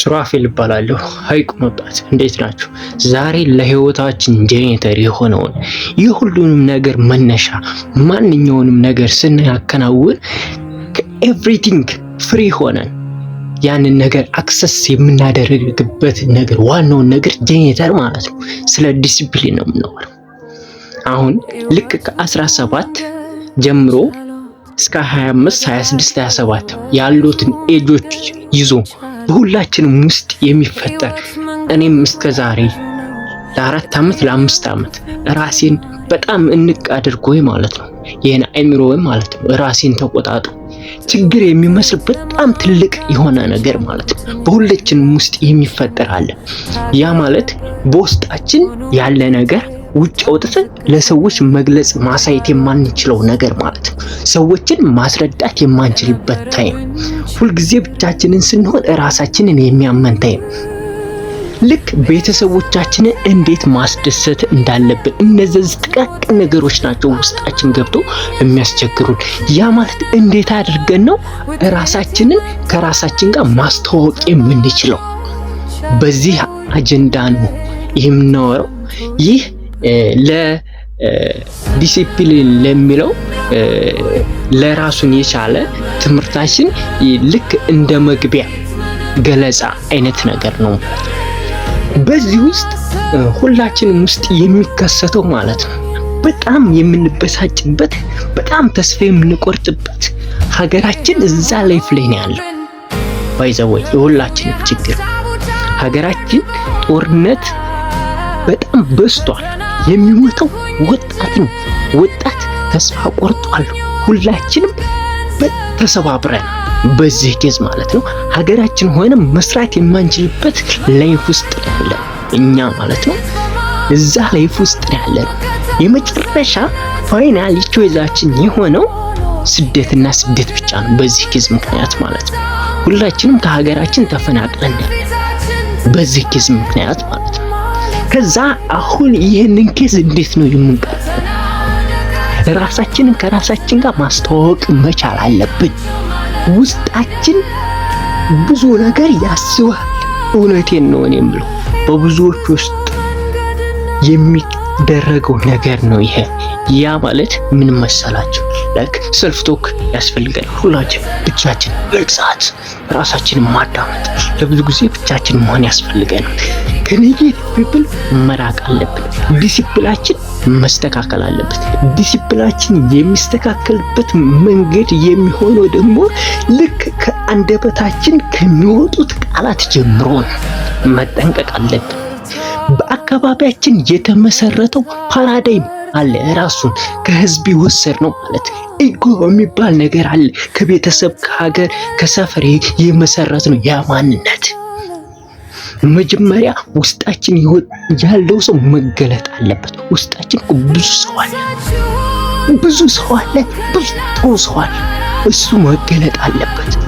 ሱራፌል እባላለሁ። ሀይቁ መጣት እንዴት ናችሁ? ዛሬ ለህይወታችን ጄኔተር የሆነውን ይህ ሁሉንም ነገር መነሻ ማንኛውንም ነገር ስናከናውን ከኤቭሪቲንግ ፍሪ ሆነን ያንን ነገር አክሰስ የምናደርግበት ነገር ዋናውን ነገር ጄኔተር ማለት ነው። ስለ ዲሲፕሊን ነው የምናወራው። አሁን ልክ ከ17 ጀምሮ እስከ 25፣ 26፣ 27 ያሉትን ኤጆች ይዞ በሁላችንም ውስጥ የሚፈጠር እኔም እስከ ዛሬ ለአራት ዓመት ለአምስት ዓመት ራሴን በጣም እንቅ አድርጎ ማለት ነው ይህን አይምሮ ማለት ነው ራሴን ተቆጣጥሮ ችግር የሚመስል በጣም ትልቅ የሆነ ነገር ማለት ነው በሁላችንም ውስጥ የሚፈጠር አለ። ያ ማለት በውስጣችን ያለ ነገር ውጭ አውጥተን ለሰዎች መግለጽ ማሳየት የማንችለው ነገር ማለት ነው። ሰዎችን ማስረዳት የማንችልበት ታይም፣ ሁልጊዜ ብቻችንን ስንሆን እራሳችንን የሚያመን ታይም ልክ ቤተሰቦቻችንን እንዴት ማስደሰት እንዳለብን እነዚህ ጥቃቅን ነገሮች ናቸው ውስጣችን ገብቶ የሚያስቸግሩን። ያ ማለት እንዴት አድርገን ነው ራሳችንን ከራሳችን ጋር ማስተዋወቅ የምንችለው? በዚህ አጀንዳ ነው የምናወራው። ይህ ለዲሲፕሊን ለሚለው ለራሱን የቻለ ትምህርታችን ልክ እንደ መግቢያ ገለጻ አይነት ነገር ነው። በዚህ ውስጥ ሁላችንም ውስጥ የሚከሰተው ማለት ነው በጣም የምንበሳጭበት በጣም ተስፋ የምንቆርጥበት ሀገራችን እዛ ላይፍ ላይ ነው ያለው። ባይዘወይ የሁላችንም ችግር ሀገራችን ጦርነት በጣም በስቷል። የሚሞተው ወጣት ነው። ወጣት ተስፋ ቆርጧል። ሁላችንም ተሰባብረን በዚህ ኬዝ ማለት ነው ሀገራችን ሆነ መስራት የማንችልበት ላይፍ ውስጥ ያለ እኛ ማለት ነው እዛ ላይፍ ውስጥ ያለ ነው። የመጨረሻ ፋይናል ቾይዛችን የሆነው ስደትና ስደት ብቻ ነው። በዚህ ኬዝ ምክንያት ማለት ነው ሁላችንም ከሀገራችን ተፈናቅለን በዚህ ኬዝ ምክንያት ማለት ነው። ከዛ አሁን ይህንን ኬስ እንዴት ነው የምንቀርበው? ራሳችንን ከራሳችን ጋር ማስተዋወቅ መቻል አለብን። ውስጣችን ብዙ ነገር ያስባል። እውነቴን ነው እኔ የምለው በብዙዎች ውስጥ የሚደረገው ነገር ነው ይሄ። ያ ማለት ምን መሰላችሁ? ላይክ ሰልፍ ቶክ ያስፈልጋል። ሁላችን ብቻችን በሰዓት ራሳችን ማዳመጥ ለብዙ ጊዜ ብቻችን መሆን ያስፈልገናል። ከኔጌት ፒፕል መራቅ አለብን። ዲሲፕላችን መስተካከል አለበት። ዲሲፕላችን የሚስተካከልበት መንገድ የሚሆነው ደግሞ ልክ ከአንደበታችን ከሚወጡት ቃላት ጀምሮ መጠንቀቅ አለብን። በአካባቢያችን የተመሰረተው ፓራዳይም አለ። ራሱን ከህዝብ ይወሰድ ነው ማለት ኢጎ የሚባል ነገር አለ። ከቤተሰብ ከሀገር፣ ከሰፈር የመሰረት ነው ያ ማንነት። መጀመሪያ ውስጣችን ያለው ሰው መገለጥ አለበት። ውስጣችን ብዙ ሰው አለ፣ ብዙ ሰው አለ፣ ብዙ ጥሩ ሰው አለ። እሱ መገለጥ አለበት።